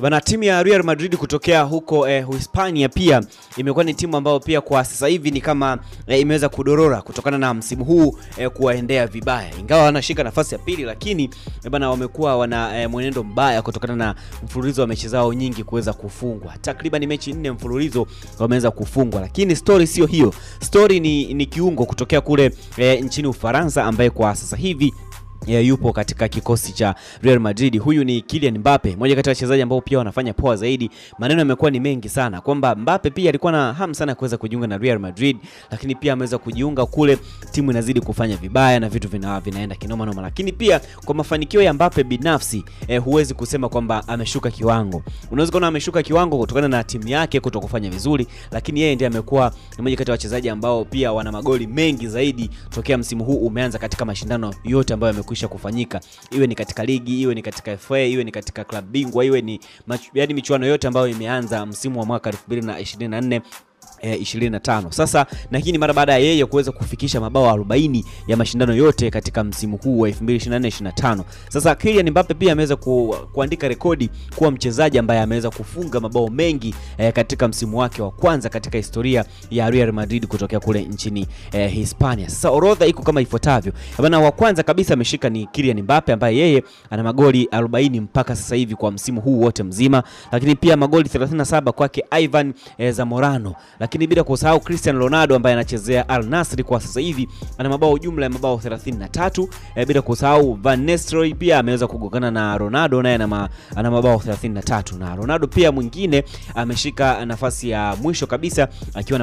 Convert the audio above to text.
Bana, timu ya Real Madrid kutokea huko eh, Hispania pia imekuwa ni timu ambayo pia kwa sasa hivi ni kama eh, imeweza kudorora kutokana na msimu huu eh, kuwaendea vibaya, ingawa wanashika nafasi ya pili, lakini eh, bana, wamekuwa wana eh, mwenendo mbaya kutokana na mfululizo wa mechi zao nyingi kuweza kufungwa. Takriban mechi nne mfululizo wameweza kufungwa, lakini story sio hiyo. Story ni, ni kiungo kutokea kule eh, nchini Ufaransa ambaye kwa sasa hivi ya yupo katika kikosi cha Real Madrid. Huyu ni Kylian Mbappe, mmoja kati ya wachezaji ambao pia wanafanya poa zaidi. Maneno yamekuwa ni mengi sana kwamba Mbappe pia alikuwa na hamu sana kuweza kujiunga na Real Madrid, lakini pia ameweza kujiunga kule, timu inazidi kufanya vibaya na vitu vina, vinaenda kinoma noma. Lakini pia kwa mafanikio ya Mbappe binafsi eh, huwezi kusema kwamba ameshuka kiwango. Unaweza kuona ameshuka kiwango kutokana na timu yake kutokufanya vizuri, lakini yeye ndiye amekuwa mmoja kati ya wachezaji ambao pia wana magoli mengi zaidi tokea msimu huu umeanza katika mashindano yote ambayo yamekwisha kufanyika, iwe ni katika ligi, iwe ni katika FA, iwe ni katika klabu bingwa, iwe ni yaani michuano yote ambayo imeanza msimu wa mwaka 2024 E, eh, 25. Sasa na hii ni mara baada ya yeye kuweza kufikisha mabao 40 ya mashindano yote katika msimu huu wa 2024-2025. Sasa Kylian Mbappe pia ameweza ku, kuandika rekodi kuwa mchezaji ambaye ameweza kufunga mabao mengi e, katika msimu wake wa kwanza katika historia ya Real Madrid kutokea kule nchini e, Hispania. Sasa orodha iko kama ifuatavyo. Bana, wa kwanza kabisa ameshika ni Kylian Mbappe ambaye yeye ana magoli 40 mpaka sasa hivi kwa msimu huu wote mzima, lakini pia magoli 37 kwake Ivan e, Zamorano lakini bila kusahau Cristiano Ronaldo ambaye anachezea Al Nassr kwa sasa hivi ana mabao jumla ya mabao 33. E, eh, bila kusahau Van Nistelrooy pia ameweza kugongana na Ronaldo naye ana mabao 33, na Ronaldo pia mwingine ameshika nafasi ya mwisho kabisa akiwa